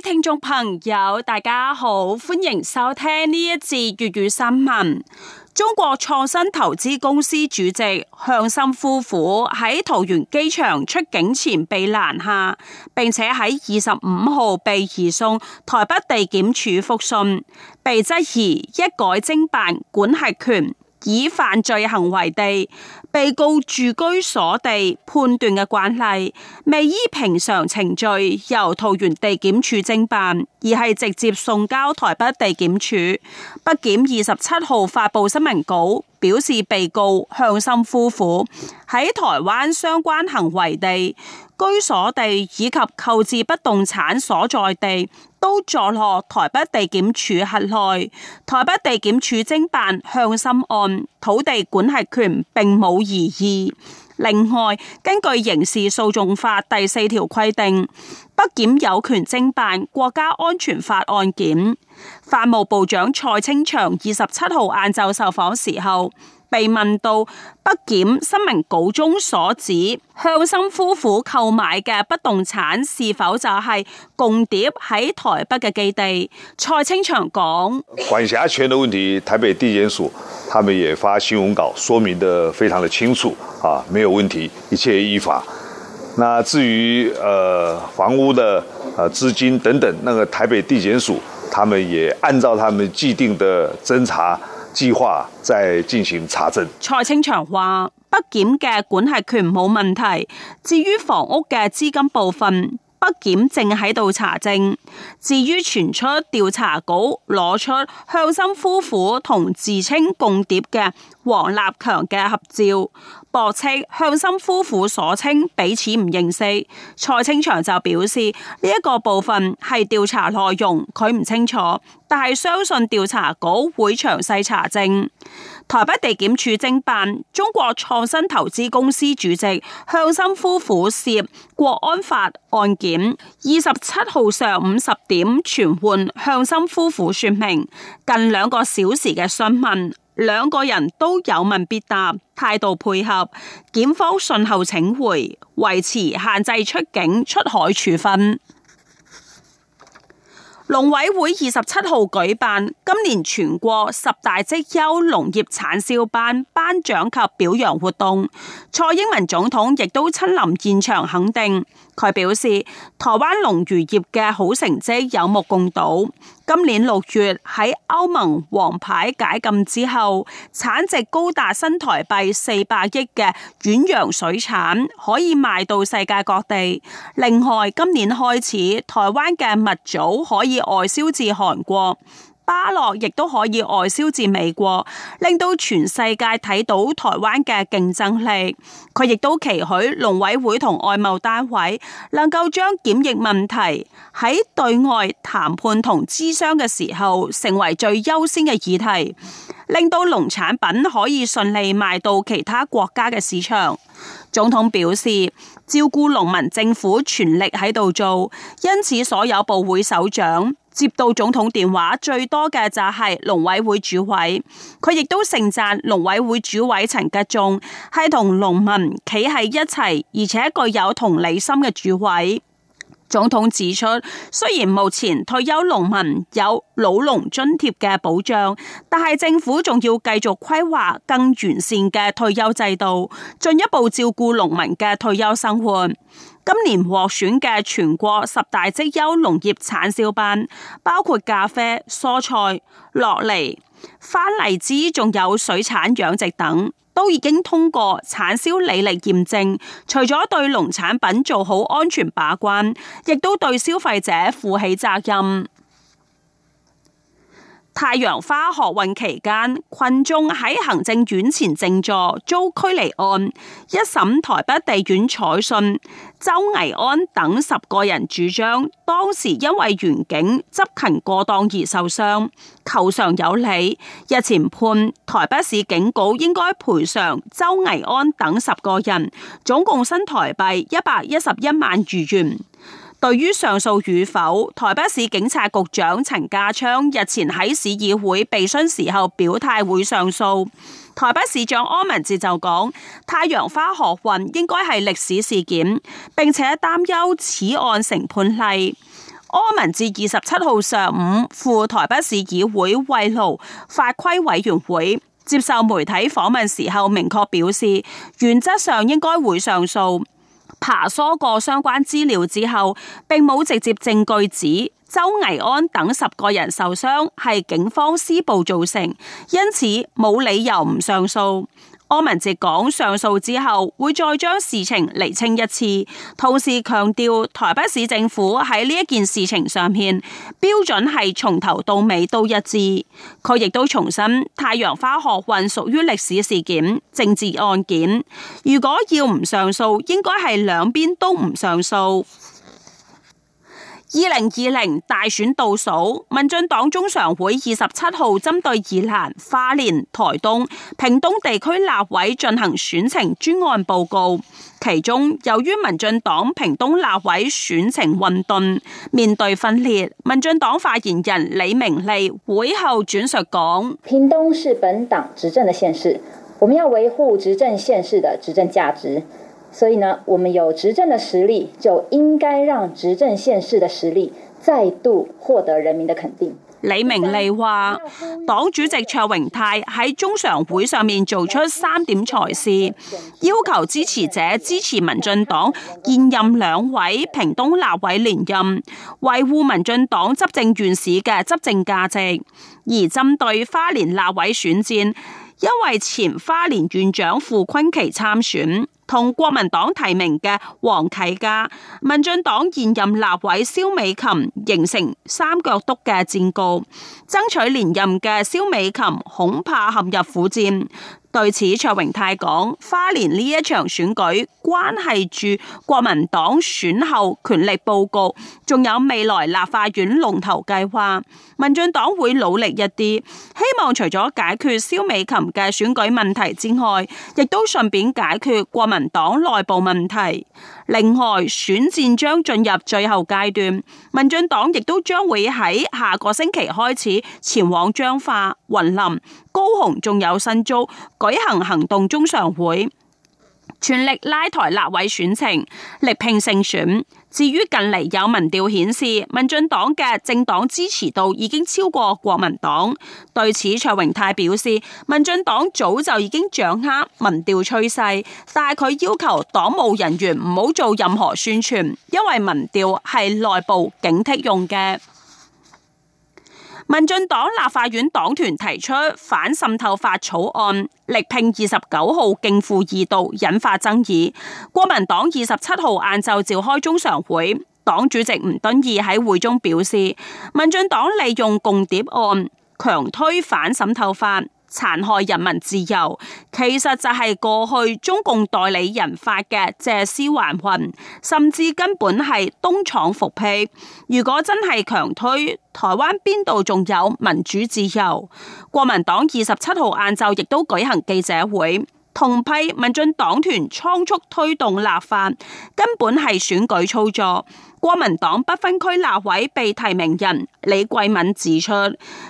聽眾朋友，大家好，歡迎收聽呢一節粵語新聞。中國創新投資公司主席向心夫婦喺桃園機場出境前被攔下，並且喺二十五號被移送台北地檢署複訊，被質疑一改偵辦管轄權。以犯罪行為地、被告住居所地判斷嘅慣例，未依平常程序由桃園地檢署偵辦，而係直接送交台北地檢署。北檢二十七號發布新聞稿。表示被告向心夫婦喺台灣相關行為地、居所地以及購置不動產所在地，都坐落台北地檢署轄內。台北地檢署偵辦向心案土地管轄權並冇異議。另外，根據刑事訴訟法第四條規定，北檢有權偵辦國家安全法案件。法務部長蔡清祥二十七號晏晝受訪時候，被問到北檢新聞稿中所指向心夫婦購買嘅不動產是否就係共諜喺台北嘅基地，蔡清祥講：管轄權嘅問題，台北地檢署他們也發新聞稿說明得非常的清楚，啊，沒有問題，一切依法。那至於，呃，房屋的，呃，資金等等，那個台北地檢署。他們也按照他們既定的偵查計劃在進行查證。蔡清祥話：北檢嘅管轄權冇問題，至於房屋嘅資金部分，北檢正喺度查證。至於傳出調查局攞出向心夫婦同自稱共諜嘅王立強嘅合照。駁斥向心夫婦所稱彼此唔認識，蔡清祥就表示呢一個部分係調查內容，佢唔清楚，但係相信調查局會詳細查證。台北地檢署偵辦中國創新投資公司主席向心夫婦涉國安法案件，二十七號上午十點傳喚向心夫婦說明，近兩個小時嘅詢問。兩個人都有問必答，態度配合，檢方訊後請回，維持限制出境出海處分。農委會二十七號舉辦今年全國十大績優農業產銷班頒獎及表揚活動，蔡英文總統亦都親臨現場肯定。佢表示，台灣農漁業嘅好成績有目共睹。今年六月喺歐盟黃牌解禁之後，產值高達新台幣四百億嘅遠洋水產可以賣到世界各地。另外，今年開始，台灣嘅蜜棗可以外銷至韓國。巴洛亦都可以外銷至美國，令到全世界睇到台灣嘅競爭力。佢亦都期許農委會同外貿單位能夠將檢疫問題喺對外談判同諮商嘅時候成為最優先嘅議題，令到農產品可以順利賣到其他國家嘅市場。總統表示，照顧農民，政府全力喺度做，因此所有部會首長。接到總統電話最多嘅就係農委會主委，佢亦都盛讚農委會主委陳吉仲係同農民企喺一齊，而且具有同理心嘅主委。總統指出，雖然目前退休農民有老農津貼嘅保障，但係政府仲要繼續規劃更完善嘅退休制度，進一步照顧農民嘅退休生活。今年獲選嘅全國十大績優農業產銷班，包括咖啡、蔬菜、酪梨、番荔枝，仲有水產養殖等。都已經通過產銷履歷驗證，除咗對農產品做好安全把關，亦都對消費者負起責任。太陽花學運期間，群眾喺行政院前靜坐遭拘離案，一審台北地院採信周倪安等十個人主張，當時因為員警執勤過當而受傷，求償有理。日前判台北市警局應該賠償周倪安等十個人，總共新台幣一百一十一萬馀元。對於上訴與否，台北市警察局長陳家昌日前喺市議會備詢時候表態會上訴。台北市長柯文哲就講，太陽花學運應該係歷史事件，並且擔憂此案成判例。柯文哲二十七號上午赴台北市議會慰勞法規委員會接受媒體訪問時候，明確表示，原則上應該會上訴。爬梳過相關資料之後，並冇直接證據指周毅安等十個人受傷係警方施暴造成，因此冇理由唔上訴。柯文哲講上訴之後會再將事情厘清一次，同時強調台北市政府喺呢一件事情上面標準係從頭到尾都一致。佢亦都重申太陽花學運屬於歷史事件、政治案件，如果要唔上訴，應該係兩邊都唔上訴。二零二零大選倒數，民進黨中常會二十七號針對宜蘭、花蓮、台東、屏東地區立委進行選情專案報告。其中，由於民進黨屏東立委選情混沌，面對分裂，民進黨發言人李明利會後轉述講：屏東是本黨執政的縣市，我們要維護執政縣市的執政價值。所以呢，我們有執政嘅實力，就應該讓執政縣市嘅實力再度獲得人民嘅肯定。李明利話，黨主席卓榮泰喺中常會上面做出三點措施，要求支持者支持民進黨現任兩位屏東立委連任，維護民進黨執政院士嘅執政價值。而針對花蓮立委選戰，因為前花蓮院長傅崐萁參選。同國民黨提名嘅黃啟嘉、民進黨現任立委蕭美琴形成三角督嘅戰局，爭取連任嘅蕭美琴恐怕陷入苦戰。對此卓榮泰講：花蓮呢一場選舉關係住國民黨選後權力佈局，仲有未來立法院龍頭計劃。民進黨會努力一啲，希望除咗解決蕭美琴嘅選舉問題之外，亦都順便解決國民黨內部問題。另外，選戰將進入最後階段，民進黨亦都將會喺下個星期開始前往彰化、雲林、高雄，仲有新竹。舉行行動中常會，全力拉抬立委選情，力拼勝選。至於近嚟有民調顯示，民進黨嘅政黨支持度已經超過國民黨。對此，卓榮泰表示，民進黨早就已經掌握民調趨勢，但係佢要求黨務人員唔好做任何宣傳，因為民調係內部警惕用嘅。民進黨立法院黨團提出反滲透法草案，力拼二十九號逕付二讀，引發爭議。國民黨二十七號晏晝召開中常會，黨主席吳敦義喺會中表示，民進黨利用共諜案強推反滲透法。殘害人民自由，其實就係過去中共代理人法嘅借屍還魂，甚至根本係東廠復辟。如果真係強推，台灣邊度仲有民主自由？國民黨二十七號晏晝亦都舉行記者會，同批民進黨團倉促推動立法，根本係選舉操作。國民黨不分區立委被提名人李貴敏指出，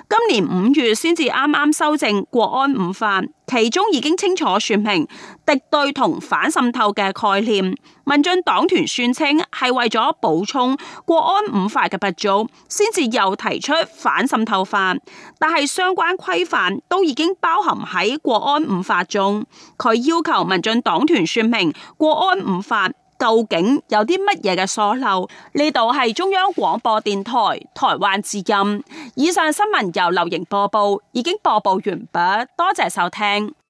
今年五月先至啱啱修正國安五法，其中已經清楚說明敵對同反滲透嘅概念。民進黨團宣稱係為咗補充國安五法嘅不足，先至又提出反滲透法，但係相關規範都已經包含喺國安五法中。佢要求民進黨團說明國安五法究竟有啲乜嘢嘅疏漏？呢度係中央廣播電台台灣之音。以上新聞由劉瑩播報，已經播報完畢，多謝收聽。